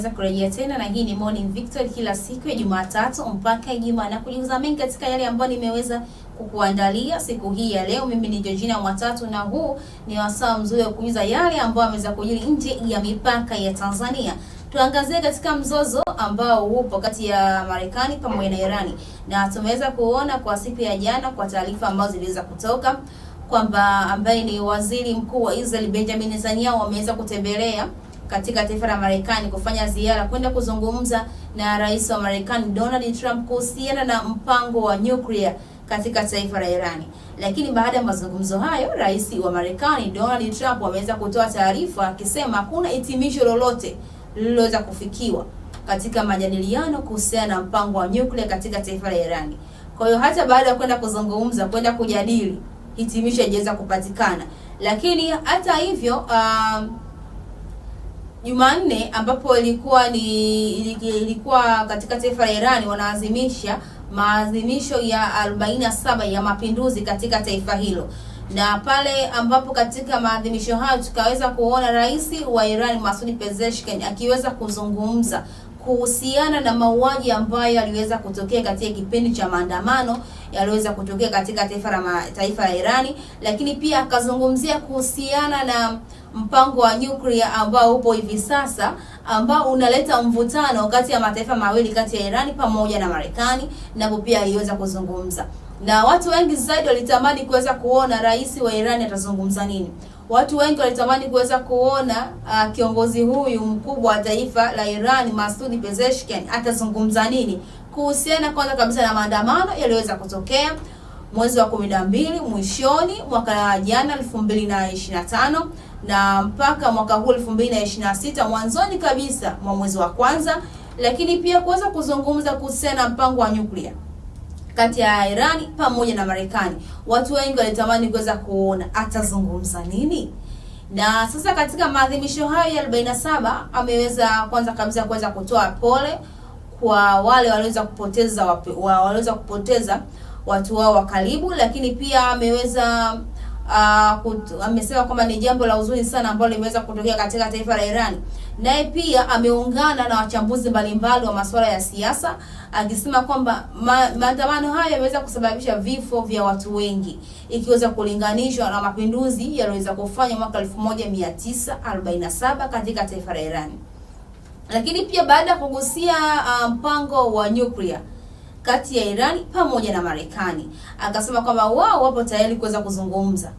unaweza kurejea tena, na hii ni Morning Victory kila siku ya Jumatatu mpaka Ijumaa na kujuza mengi katika yale ambayo nimeweza kukuandalia siku hii ya leo. Mimi ni Georgina Mwatatu na huu ni wasaa mzuri wa kujuza yale ambayo ameweza kujiri nje ya mipaka ya Tanzania. Tuangazie katika mzozo ambao upo kati ya Marekani pamoja na Irani, na tumeweza kuona kwa siku ya jana kwa taarifa ambazo ziliweza kutoka kwamba ambaye ni waziri mkuu wa Israel Benjamin Netanyahu ameweza kutembelea katika taifa la Marekani kufanya ziara kwenda kuzungumza na rais wa Marekani Donald Trump kuhusiana na mpango wa nyuklia katika taifa la Irani. Lakini baada ya mazungumzo hayo, rais wa Marekani Donald Trump ameweza kutoa taarifa akisema hakuna hitimisho lolote lililoweza kufikiwa katika majadiliano kuhusiana na mpango wa nyuklia katika taifa la Irani. Kwa hiyo hata baada ya kwenda kuzungumza, kwenda kujadili, hitimisho haijaweza kupatikana. Lakini hata hivyo um, Jumanne ambapo ilikuwa ni ilikuwa katika taifa la Iran wanaadhimisha maadhimisho ya 47 ya mapinduzi katika taifa hilo, na pale ambapo katika maadhimisho hayo tukaweza kuona rais wa Iran Masoud Pezeshkian akiweza kuzungumza kuhusiana na mauaji ambayo yaliweza kutokea katika kipindi cha maandamano yaliweza kutokea katika taifa la taifa la Irani, lakini pia akazungumzia kuhusiana na mpango wa nyuklia ambao upo hivi sasa ambao unaleta mvutano kati ya mataifa mawili kati ya Irani pamoja na Marekani, napo pia aliweza kuzungumza na watu wengi zaidi walitamani kuweza kuona rais wa Irani atazungumza nini. Watu wengi walitamani kuweza kuona uh, kiongozi huyu mkubwa wa taifa la Iran Masoud Pezeshkian atazungumza nini kuhusiana kwanza kabisa na maandamano yaliyoweza kutokea mwezi wa 12 mwishoni mwaka jana 2025 na na mpaka mwaka huu 2026 mwanzoni kabisa mwa mwezi wa kwanza, lakini pia kuweza kuzungumza kuhusiana na mpango wa nyuklia kati ya Irani pamoja na Marekani. Watu wengi walitamani kuweza kuona atazungumza nini, na sasa katika maadhimisho hayo ya 47 ameweza kwanza kabisa kuweza kutoa pole kwa wale walioweza kupoteza wa, walioweza kupoteza watu wao wa karibu, lakini pia ameweza uh, amesema kwamba ni jambo la huzuni sana ambalo limeweza kutokea katika taifa la Irani naye pia ameungana na wachambuzi mbalimbali wa masuala ya siasa akisema kwamba ma, maandamano hayo yameweza kusababisha vifo vya watu wengi ikiweza kulinganishwa na mapinduzi yaliyoweza kufanywa mwaka 1947 katika taifa la Iran. Lakini pia baada ya kugusia ah, mpango um, wa nyuklia kati ya Iran pamoja na Marekani, akasema kwamba wao wapo tayari kuweza kuzungumza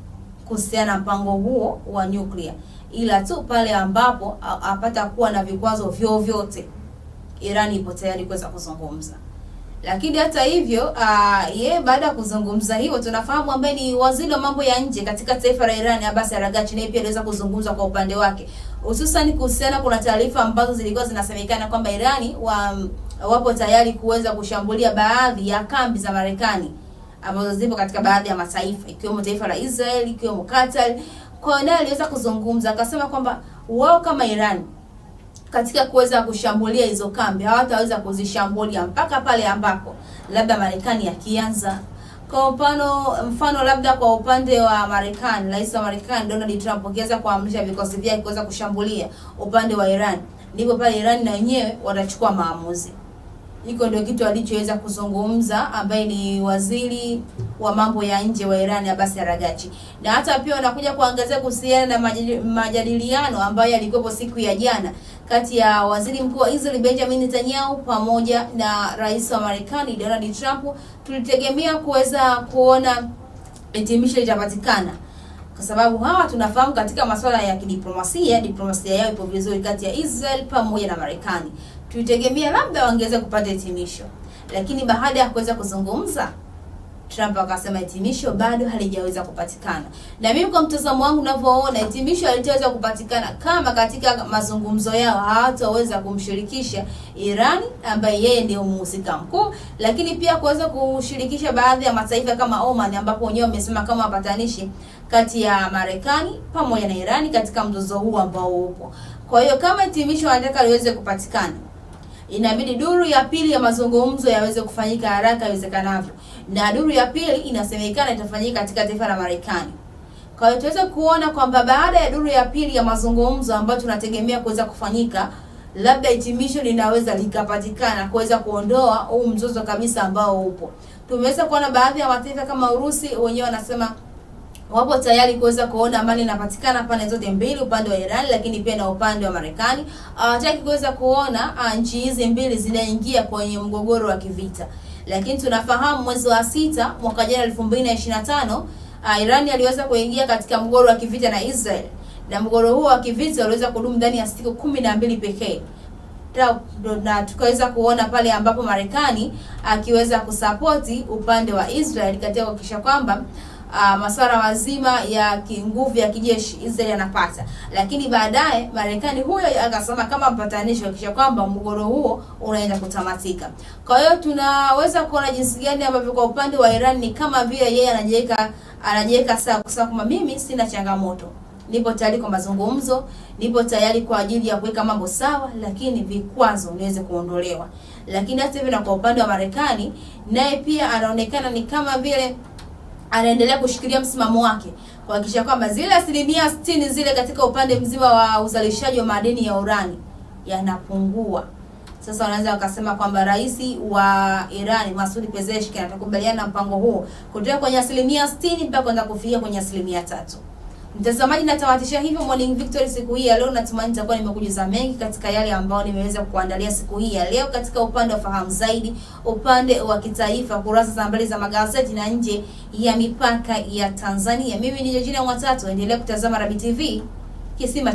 kuhusiana na mpango huo wa nyuklia ila tu pale ambapo apata kuwa na vikwazo vyovyote, Iran ipo tayari kuweza kuzungumza. Lakini hata hivyo yeye baada ya kuzungumza hiyo tunafahamu ambaye ni waziri wa mambo ya nje katika taifa la irani Abbas Aragachi, naye pia aliweza kuzungumza kwa upande wake, hususan kuhusiana, kuna taarifa ambazo zilikuwa zinasemekana kwamba Irani wa, wapo tayari kuweza kushambulia baadhi ya kambi za Marekani ambazo zipo katika baadhi ya mataifa ikiwemo taifa la Israel, ikiwemo Qatar. Kwa hiyo naye aliweza kuzungumza akasema kwamba wao kama Iran katika kuweza kushambulia hizo kambi hawataweza kuzishambulia mpaka pale ambako labda Marekani yakianza kwa upano, mfano labda kwa upande wa Marekani, rais wa Marekani Donald Trump akiweza kuamrisha vikosi vyake kuweza kushambulia upande wa Iran, ndipo pale Iran na wenyewe watachukua maamuzi. Hiko ndio kitu alichoweza kuzungumza ambaye ni waziri wa mambo ya nje wa Iran Abbas Araghchi, na hata pia wanakuja kuangazia kuhusiana na majadiliano ambayo yalikuwepo siku ya jana kati ya waziri mkuu wa Israel Benjamin Netanyahu pamoja na rais wa Marekani Donald Trump. Tulitegemea kuweza kuona hitimisho litapatikana kwa sababu hawa tunafahamu katika masuala ya kidiplomasia, diplomasia yao ipo vizuri kati ya Israel pamoja na Marekani. Tulitegemea labda wangeweza kupata hitimisho, lakini baada ya kuweza kuzungumza Trump akasema hitimisho bado halijaweza kupatikana. Na mimi kwa mtazamo wangu ninavyoona hitimisho halitaweza kupatikana kama katika mazungumzo yao hawataweza kumshirikisha Iran ambaye yeye ndio mhusika mkuu, lakini pia kuweza kushirikisha baadhi ya mataifa kama Oman ambapo wenyewe wamesema kama wapatanishi kati ya Marekani pamoja na Irani katika mzozo huu ambao upo. Kwa hiyo kama hitimisho wanataka liweze kupatikana inabidi duru ya pili ya mazungumzo yaweze kufanyika haraka iwezekanavyo, na duru ya pili inasemekana itafanyika katika taifa la Marekani. Kwa hiyo tuweze kuona kwamba baada ya duru ya pili ya mazungumzo ambayo tunategemea kuweza kufanyika, labda hitimisho linaweza likapatikana kuweza kuondoa huu mzozo kabisa ambao upo. Tumeweza kuona baadhi ya mataifa kama Urusi wenyewe wanasema wapo tayari kuweza kuona amani inapatikana pande zote mbili, upande wa Iran lakini pia na upande wa Marekani. Hawataki ah, kuweza kuona ah, nchi hizi mbili zinaingia kwenye mgogoro wa kivita, lakini tunafahamu mwezi wa sita mwaka jana 2025 uh, ah, Iran aliweza kuingia katika mgogoro wa kivita na Israel, na mgogoro huo wa kivita uliweza kudumu ndani ya siku kumi na mbili pekee na tukaweza kuona pale ambapo Marekani akiweza kusapoti upande wa Israel katika kuhakikisha kwamba uh, masuala mazima ya kinguvu ya kijeshi Israel anapata, lakini baadaye Marekani huyo akasema kama mpatanishi kisha kwamba mgogoro huo unaenda kutamatika. Kwa hiyo tunaweza kuona jinsi gani ambavyo kwa upande wa Iran ni kama vile yeye anajiweka anajiweka sawa kusema kwamba mimi sina changamoto nipo tayari kwa mazungumzo, nipo tayari kwa ajili ya kuweka mambo sawa, lakini vikwazo niweze kuondolewa. Lakini hata hivyo, na kwa upande wa Marekani naye pia anaonekana ni kama vile anaendelea kushikilia msimamo wake kuhakikisha kwamba zile asilimia sitini zile katika upande mzima wa uzalishaji wa madini ya urani yanapungua. Sasa wanaweza wakasema kwamba rais wa Iran Masoud Pezeshkian atakubaliana na mpango huo kutoka kwenye asilimia sitini mpaka kwenda kufikia kwenye asilimia tatu. Mtazamaji, natamatisha hivyo Morning Victory siku hii ya leo. Natumai nitakuwa nimekujuza mengi katika yale ambayo nimeweza kuandalia siku hii ya leo katika upande wa fahamu zaidi, upande wa kitaifa, kurasa za mbele za magazeti na nje ya mipaka ya Tanzania. Mimi ni Jojina Mwatatu, endelea kutazama Rabi TV Kisima.